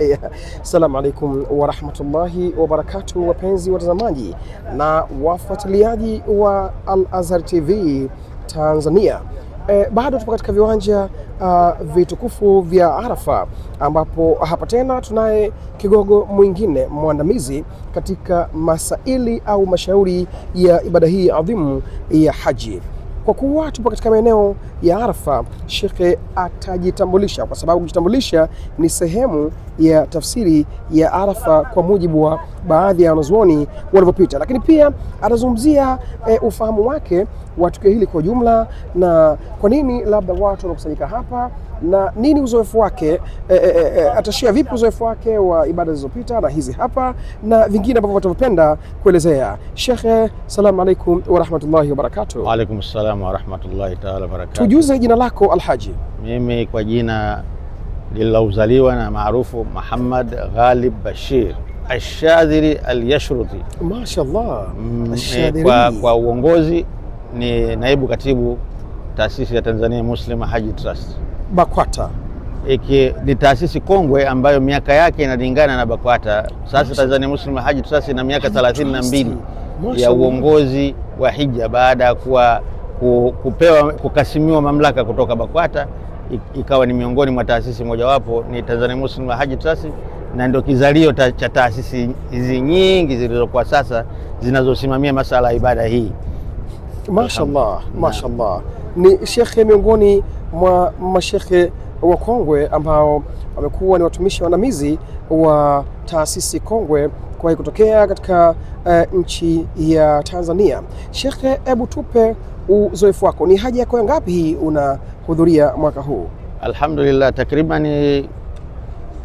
Assalamu alaikum warahmatullahi wabarakatu wapenzi watazamaji na wafuatiliaji wa Al Azhar TV Tanzania. E, bado tupo katika viwanja uh, vitukufu vya Arafa ambapo hapa tena tunaye kigogo mwingine mwandamizi katika masaili au mashauri ya ibada hii adhimu ya haji. Kwa kuwa tupo katika maeneo ya Arafa, shekhe atajitambulisha, kwa sababu kujitambulisha ni sehemu ya tafsiri ya Arafa kwa mujibu wa baadhi ya wanazuoni walivyopita, lakini pia atazungumzia e, ufahamu wake wa tukio hili kwa ujumla na kwa nini labda watu wanakusanyika hapa na nini uzoefu wake e, eh, e, eh, e, eh, atashia vipi uzoefu wake wa ibada zilizopita na hizi hapa na vingine ambavyo watapenda kuelezea. Shekhe, salamu alaikum warahmatullahi wabarakatuh. Waalaikum salam warahmatullahi taala wabarakatuh. Tujuze jina lako Alhaji. Mimi kwa jina lililozaliwa na maarufu Muhammad Ghalib Bashir Ashadhiri Alyashruti. Mashaallah. kwa, kwa uongozi ni naibu katibu taasisi ya Tanzania Muslim Haji Trust. BAKWATA iki ni taasisi kongwe ambayo miaka yake inalingana na BAKWATA. Sasa Tanzania Muslim Hajj sasa ina miaka thelathini na mbili ya uongozi wa hija baada ya kuwa kupewa kukasimiwa mamlaka kutoka BAKWATA, ikawa ni miongoni mwa taasisi mojawapo ni Tanzania Muslim Hajj Trust, na ndio kizalio ta, cha taasisi hizi nyingi zilizokuwa sasa zinazosimamia masala ya ibada hii. Mashallah, mashallah ni shekhe miongoni mwa mashekhe wa kongwe ambao wamekuwa ni watumishi waandamizi wa taasisi kongwe kwa kutokea katika uh, nchi ya Tanzania. Shekhe, hebu tupe uzoefu wako, ni haja yako ngapi hii unahudhuria mwaka huu? Alhamdulillah, takribani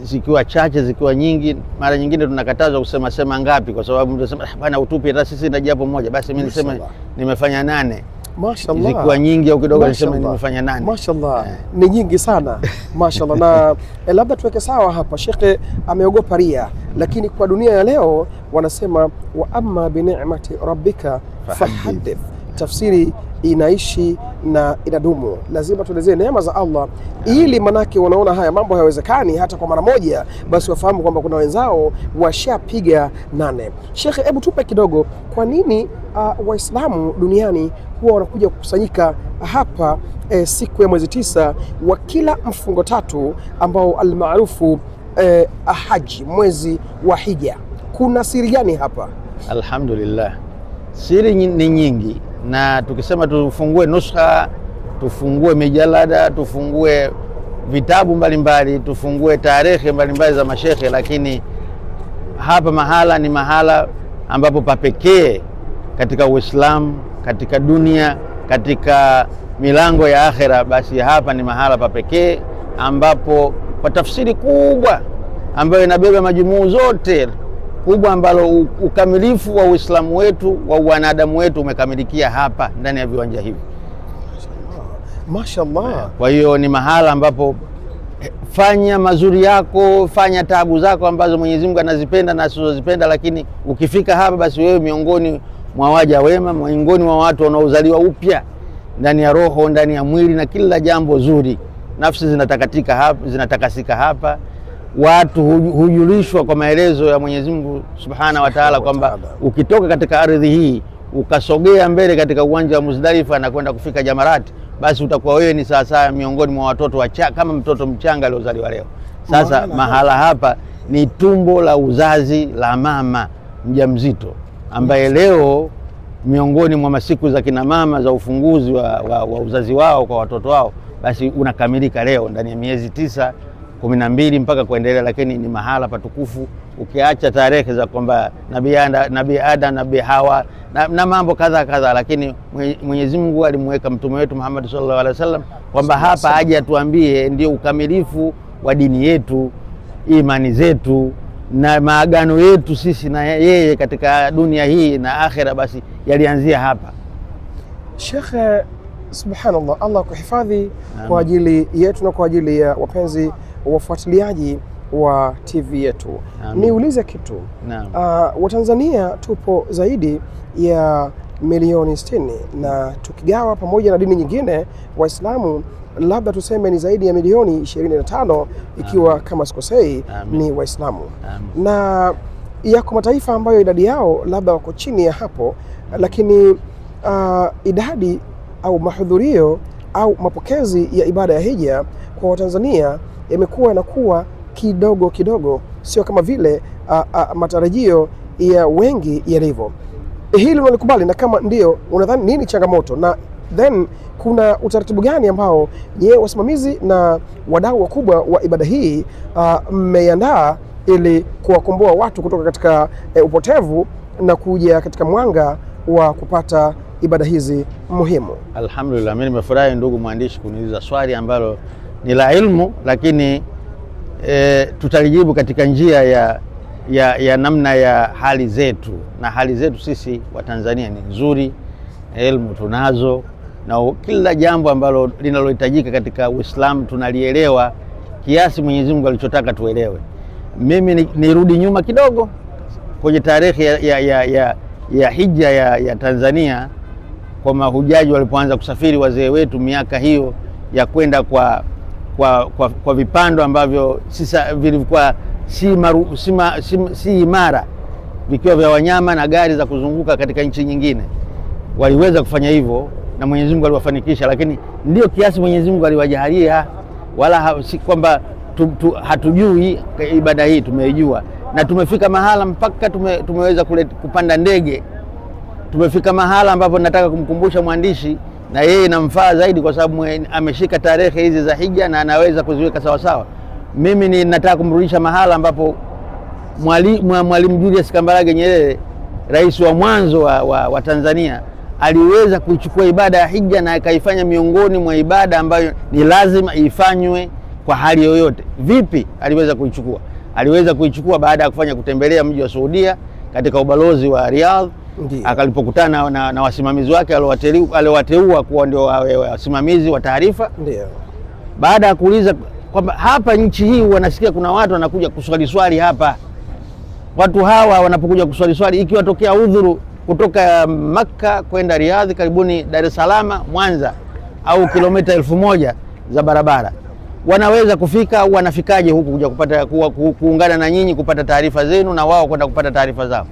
zikiwa chache zikiwa nyingi, mara nyingine tunakatazwa kusema sema ngapi, kwa sababu mtu anasema ah, bana, utupi hata sisi na japo moja. Basi mimi niseme nimefanya nane. Mashaallah. Zilikuwa nyingi au kidogo niseme nimefanya nani? Mashallah. Yeah. Ni nyingi sana. mashallah Na e, labda tuweke sawa hapa, Sheikh ameogopa ria, lakini kwa dunia ya leo wanasema wa amma bi ni'mati rabbika fahadith. Tafsiri inaishi na inadumu. Lazima tuelezee neema za Allah ili manake, wanaona haya mambo hayawezekani hata kwa mara moja, basi wafahamu kwamba kuna wenzao washapiga nane. Shekhe, hebu tupe kidogo, kwa nini uh, Waislamu duniani huwa wanakuja kukusanyika hapa eh, siku ya mwezi tisa wa kila mfungo tatu ambao almaarufu eh, haji, mwezi wa hija, kuna siri gani hapa? Alhamdulillah, siri ni nyingi na tukisema tufungue nuskha, tufungue mijalada, tufungue vitabu mbalimbali mbali, tufungue tarehe mbalimbali za mashekhe, lakini hapa mahala ni mahala ambapo papekee katika Uislamu, katika dunia, katika milango ya akhera. Basi hapa ni mahala papekee ambapo kwa tafsiri kubwa ambayo inabeba majumuu zote kubwa ambalo ukamilifu wa Uislamu wetu wa wanadamu wetu umekamilikia hapa ndani ya viwanja hivi. Mashallah. Kwa hiyo ni mahala ambapo eh, fanya mazuri yako, fanya taabu zako ambazo Mwenyezi Mungu anazipenda na asizozipenda, lakini ukifika hapa basi wewe miongoni mwa waja wema, miongoni mwa watu wanaozaliwa upya ndani ya roho, ndani ya mwili na kila jambo zuri. Nafsi zinatakasika hapa, zinatakasika hapa watu hujulishwa kwa maelezo ya Mwenyezi Mungu Subhana wa Taala kwamba ukitoka katika ardhi hii ukasogea mbele katika uwanja wa Muzdalifa na kwenda kufika Jamarati, basi utakuwa wewe ni sawasawa miongoni mwa watoto wacha, kama mtoto mchanga aliozaliwa leo. Sasa Mwana, mahala hapa ni tumbo la uzazi la mama mjamzito ambaye leo miongoni mwa masiku za kina mama za ufunguzi wa, wa, wa uzazi wao kwa watoto wao, basi unakamilika leo ndani ya miezi tisa kumi na mbili mpaka kuendelea, lakini ni mahala patukufu, ukiacha tarehe za kwamba nabii Adam, nabii Hawa na, na mambo kadha kadha, lakini Mwenyezi Mungu alimweka mtume wetu Muhammad sallallahu alaihi wasallam kwamba hapa aje atuambie ndio ukamilifu wa dini yetu, imani zetu na maagano yetu sisi na yeye katika dunia hii na akhera, basi yalianzia hapa. Shekhe, subhanallah, Allah kuhifadhi kwa ajili yetu na kwa ajili ya wapenzi wafuatiliaji wa TV yetu. Niulize kitu uh, Watanzania tupo zaidi ya milioni 60 na tukigawa pamoja na dini nyingine, Waislamu labda tuseme ni zaidi ya milioni tano ikiwa Amin. kama sikosei ni Waislamu na yako mataifa ambayo idadi yao labda wako chini ya hapo, lakini uh, idadi au mahudhurio au mapokezi ya ibada ya hija kwa Watanzania yamekuwa yanakuwa kidogo kidogo, sio kama vile a, a, matarajio ya wengi yalivyo. Hili unalikubali? Na kama ndio, unadhani nini changamoto na then kuna utaratibu gani ambao nyewe wasimamizi na wadau wakubwa wa ibada hii mmeiandaa uh, ili kuwakomboa watu kutoka katika eh, upotevu na kuja katika mwanga wa kupata ibada hizi muhimu? Alhamdulillah, mimi nimefurahi ndugu mwandishi kuniuliza swali ambalo ni la ilmu, lakini e, tutalijibu katika njia ya, ya, ya namna ya hali zetu, na hali zetu sisi Watanzania ni nzuri, elmu tunazo na kila jambo ambalo linalohitajika katika Uislamu tunalielewa kiasi Mwenyezi Mungu alichotaka tuelewe. Mimi nirudi ni nyuma kidogo kwenye tarehe ya, ya, ya, ya, ya hija ya, ya Tanzania kwa mahujaji walipoanza kusafiri wazee wetu miaka hiyo ya kwenda kwa kwa, kwa, kwa vipando ambavyo vilikuwa si, maru, si, ma, si, si imara vikiwa vya wanyama na gari za kuzunguka katika nchi nyingine. Waliweza kufanya hivyo na Mwenyezi Mungu aliwafanikisha, lakini ndio kiasi Mwenyezi Mungu aliwajalia, wala ha, si kwamba tu, tu, hatujui ibada hii, tumeijua na tumefika mahala mpaka tume, tumeweza kule, kupanda ndege. Tumefika mahala ambapo nataka kumkumbusha mwandishi na yeye inamfaa zaidi kwa sababu ameshika tarehe hizi za hija na anaweza kuziweka sawasawa. Mimi ninataka kumrudisha mahala ambapo Mwalimu mwali Julius Kambarage Nyerere, rais wa mwanzo wa, wa, wa Tanzania, aliweza kuichukua ibada ya hija na akaifanya miongoni mwa ibada ambayo ni lazima ifanywe kwa hali yoyote. Vipi aliweza kuichukua? Aliweza kuichukua baada ya kufanya kutembelea mji wa Saudia katika ubalozi wa Riyadh akalipokutana na, na wasimamizi wake aliowateua kuwa ndio wasimamizi wa taarifa. Baada ya kuuliza kwamba hapa nchi hii wanasikia kuna watu wanakuja kuswaliswali hapa, watu hawa wanapokuja swali, ikiwatokea udhuru kutoka Makka kwenda riadhi karibuni Dar es Salaam, Mwanza, au kilomita elfu moja za barabara wanaweza kufika. Wanafikaje huku kuja kupata kuungana na nyinyi kupata taarifa zenu na wao kwenda kupata taarifa zao?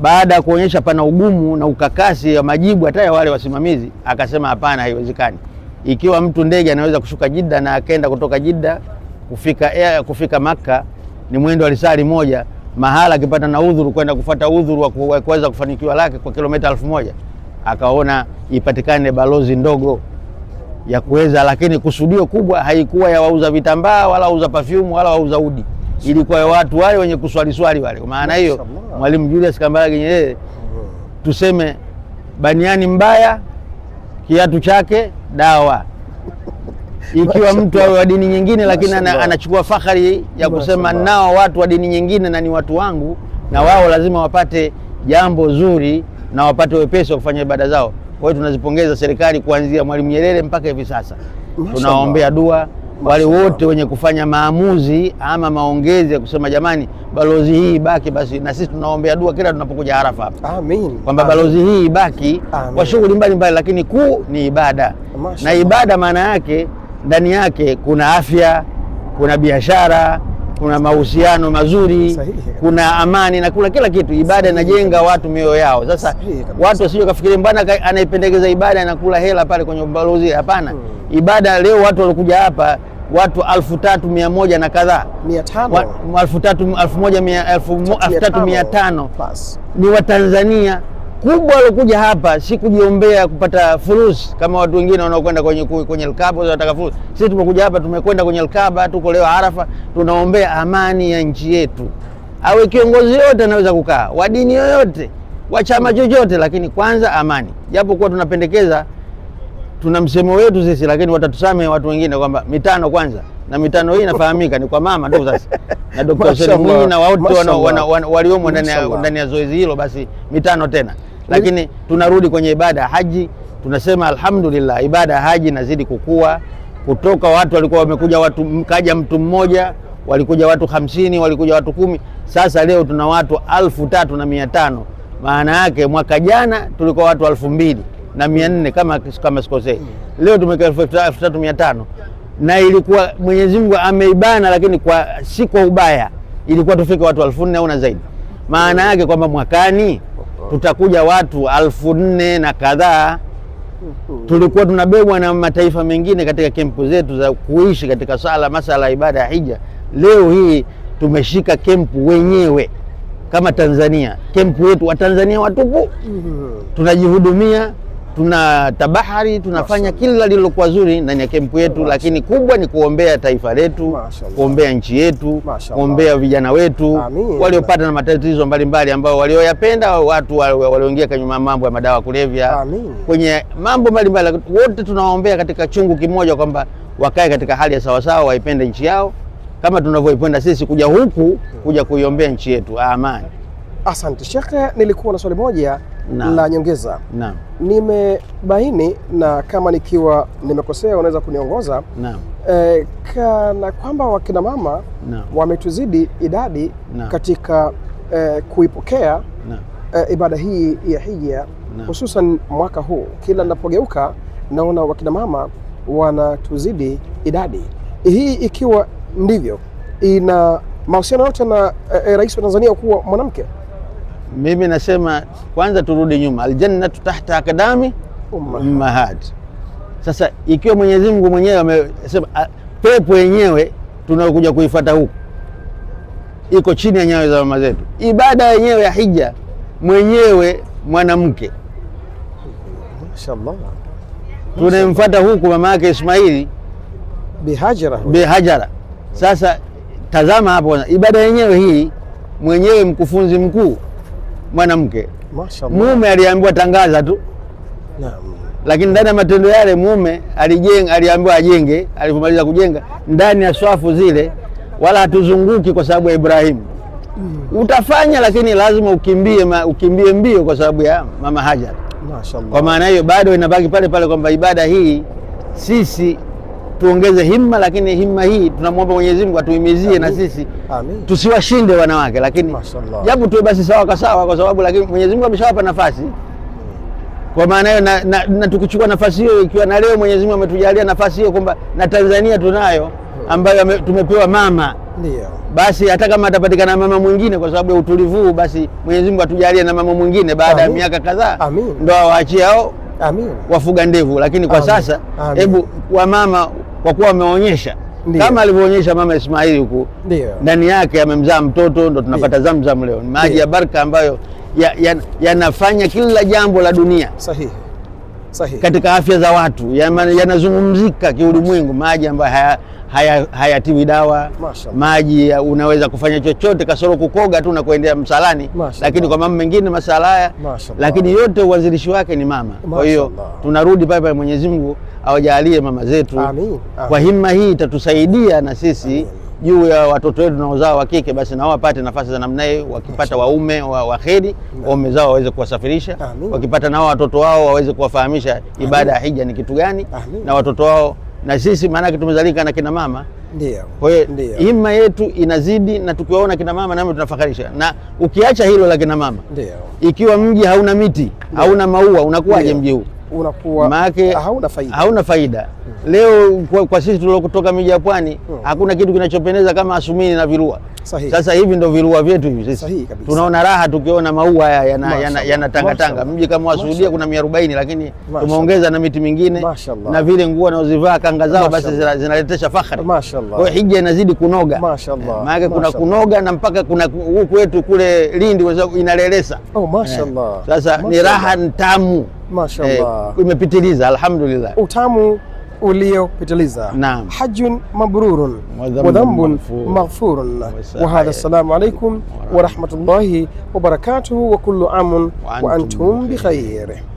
baada ya kuonyesha pana ugumu na ukakasi wa majibu hata ya wale wasimamizi, akasema hapana, haiwezekani. Ikiwa mtu ndege anaweza kushuka Jidda na akaenda kutoka Jidda kufika, air, kufika Makka ni mwendo wa risali moja, mahala akipata na udhuru kwenda kufuata udhuru wa kuweza kufanikiwa lake kwa kilomita elfu moja akaona ipatikane balozi ndogo ya kuweza, lakini kusudio kubwa haikuwa ya wauza vitambaa wala wauza perfume wala wauza udi ili kwa watu wale wenye kuswaliswali wale. Maana hiyo Mwalimu Julius Kambarage Nyerere tuseme baniani mbaya kiatu chake dawa ikiwa mtu awe wa dini nyingine, lakini anachukua fahari ya kusema nao watu wa dini nyingine na ni watu wangu, na wao lazima wapate jambo zuri na wapate wepesi wa kufanya ibada zao. Kwa hiyo tunazipongeza serikali kuanzia Mwalimu Nyerere mpaka hivi sasa, tunawaombea dua wale wote wenye kufanya maamuzi ama maongezi ya kusema jamani, balozi hii ibaki basi, na sisi tunaombea dua kila tunapokuja harafa hapa, amin, kwamba balozi hii ibaki kwa shughuli mbalimbali, lakini kuu ni ibada. Na ibada maana yake ndani yake kuna afya, kuna biashara, kuna mahusiano mazuri, kuna amani na kuna kila kitu. Ibada inajenga watu mioyo yao. Sasa watu wasije kafikiri mbona anaipendekeza ibada anakula hela pale kwenye balozi. Hapana, hmm. ibada leo watu walikuja hapa watu alfu tatu mia moja na kadhaa tatu mia tano ni Watanzania kubwa waliokuja hapa si kujiombea kupata furusi kama watu wengine wanaokwenda kwenye, kwenye Elkaba wanataka furusi. Sisi tumekuja hapa, tumekwenda kwenye lkaba tuko leo Arafa, tunaombea amani ya nchi yetu. Awe kiongozi yoyote anaweza kukaa, wa dini yoyote, wa chama mm. chochote, lakini kwanza amani, japokuwa tunapendekeza tuna msemo wetu sisi, lakini watatusame watu wengine kwamba mitano kwanza, na mitano hii inafahamika ni kwa mama tu sasa na Dr. Hussein Mwinyi na wote waliomo ndani ya zoezi hilo, basi mitano tena. Lakini tunarudi kwenye ibada ya haji, tunasema alhamdulillah, ibada ya haji inazidi kukua. Kutoka watu walikuwa wamekuja watu, kaja mtu mmoja, walikuja watu hamsini, walikuja watu kumi, sasa leo tuna watu alfu tatu na mia tano. Maana yake mwaka jana tulikuwa watu alfu mbili na mia nne kama, kama sikosei. Leo tumeweka elfu tatu mia tano na ilikuwa Mwenyezi Mungu ameibana, lakini kwa si kwa ubaya, ilikuwa tufike watu elfu nne au na zaidi. Maana yake kwamba mwakani tutakuja watu elfu nne na kadhaa. Tulikuwa tunabebwa na mataifa mengine katika kempu zetu za kuishi katika sala, masala ya ibada ya hija. Leo hii tumeshika kempu wenyewe kama Tanzania, kempu yetu Watanzania watupu mm-hmm. tunajihudumia tuna tabahari tunafanya kila lililokuwa zuri ndani ya kempu yetu, lakini kubwa ni kuombea taifa letu, kuombea nchi yetu, kuombea vijana wetu waliopata na matatizo mbalimbali, ambao walioyapenda watu walioingia kwenye mambo ya madawa kulevya, kwenye mambo mbalimbali, wote tunawaombea katika chungu kimoja, kwamba wakae katika hali ya sawasawa, waipende nchi yao kama tunavyoipenda sisi kuja huku kuja kuiombea nchi yetu amani. Asante Sheikh, nilikuwa na swali moja na, nyongeza na. Nimebaini na kama nikiwa nimekosea unaweza kuniongoza na. E, eh, kana kwamba wakina mama wametuzidi idadi na. katika e, kuipokea e, ibada hii ya hija hususan mwaka huu. Kila ninapogeuka naona wakina mama wanatuzidi idadi hii. Ikiwa ndivyo, ina mahusiano yote na e, rais wa Tanzania kuwa mwanamke mimi nasema kwanza turudi nyuma, aljannatu tahta akdami ummahati. Sasa ikiwa Mwenyezi Mungu mwenyewe amesema pepo yenyewe tunaokuja kuifuata huku iko chini ya nyayo za mama zetu, ibada yenyewe ya hija mwenyewe mwanamke tunayemfuata huku mama yake Ismaili bihajara, bihajara. Sasa tazama hapo ibada yenyewe hii mwenyewe mkufunzi mkuu mwanamke, mume aliambiwa tangaza tu naam. Lakini ndani ya matendo yale mume alijenga, aliambiwa ajenge, alipomaliza kujenga ndani ya swafu zile, wala hatuzunguki kwa sababu ya Ibrahimu. Mm. Utafanya lakini lazima ukimbie, ma, ukimbie mbio kwa sababu ya mama Hajar. Mashaallah. Kwa maana hiyo bado inabaki pale pale kwamba ibada hii sisi tuongeze himma, lakini himma hii tunamwomba Mwenyezi Mungu atuhimizie na sisi Amin. tusiwashinde wanawake, lakini japo tuwe basi sawa kwa sawa, kwa sababu lakini Mwenyezi Mungu ameshawapa nafasi hmm. Kwa maana hiyo na, na, na tukichukua nafasi hiyo, ikiwa na leo Mwenyezi Mungu ametujalia nafasi hiyo kwamba na Tanzania tunayo hmm. ambayo tumepewa mama ndio, Basi hata kama atapatikana mama mwingine kwa sababu ya utulivu huu, basi Mwenyezi Mungu atujalie na mama mwingine baada ya miaka kadhaa, ndio awaachie hao wafuga ndevu. Lakini kwa Amin. sasa hebu wamama kwa kuwa ameonyesha kama alivyoonyesha mama Ismaili huku ndani yake amemzaa mtoto, ndo tunapata Zamzam leo. Ni maji ya baraka ambayo yanafanya ya kila jambo la dunia sahihi. Sahi. katika afya za watu, yanazungumzika ya kiulimwengu, maji ambayo hayatiwi haya, haya dawa Masha. Maji unaweza kufanya chochote kasoro kukoga tu na kuendea msalani Masha. Lakini kwa mambo mengine masala haya, lakini yote uanzilishi wake ni mama Masha. Kwa hiyo tunarudi pale pale, Mwenyezi Mungu awajalie mama zetu Amin. Amin. Kwa himma hii itatusaidia na sisi Amin juu ya watoto wetu naozaa wa kike, basi nao wapate nafasi za namna hii, wakipata waume wa kheri, waume zao waweze kuwasafirisha, wakipata nao watoto wao waweze kuwafahamisha ibada ya hija ni kitu gani, na watoto wao na sisi, maanake tumezalika na kina mama. Ndio. Kwa hiyo himma yetu inazidi na tukiwaona kina mama nami tunafakarisha. Na ukiacha hilo la kina mama, ikiwa mji hauna miti, hauna maua, unakuwaje mji huu? unakuwa maake hauna faida, hauna faida. Hmm. Leo kwa, kwa sisi tuliokutoka miji ya pwani hmm. hakuna kitu kinachopendeza kama asumini na virua. Sahi. Sasa hivi ndo virua vyetu hivi sisi tunaona raha tukiona maua haya yanatangatanga yana, yana mji kama wasuhudia kuna mia arobaini lakini tumeongeza na miti mingine Mashallah. na vile nguo naozivaa kanga zao basi zinaletesha fahari. Kwa hiyo hija inazidi kunoga maana kuna kunoga na mpaka kuna huku wetu kule Lindi inalelesa. Oh, Mashallah. Eh. Sasa Mashallah. ni raha ntamu Mashaallah. Eh, alhamdulillah. Utamu uliopitiliza. Naam. Hajjun mabrurun wa dhanbun maghfurun. Wa hadha assalamu alaykum wa rahmatullahi wa barakatuhu wa kullu amun wa antum bi khair.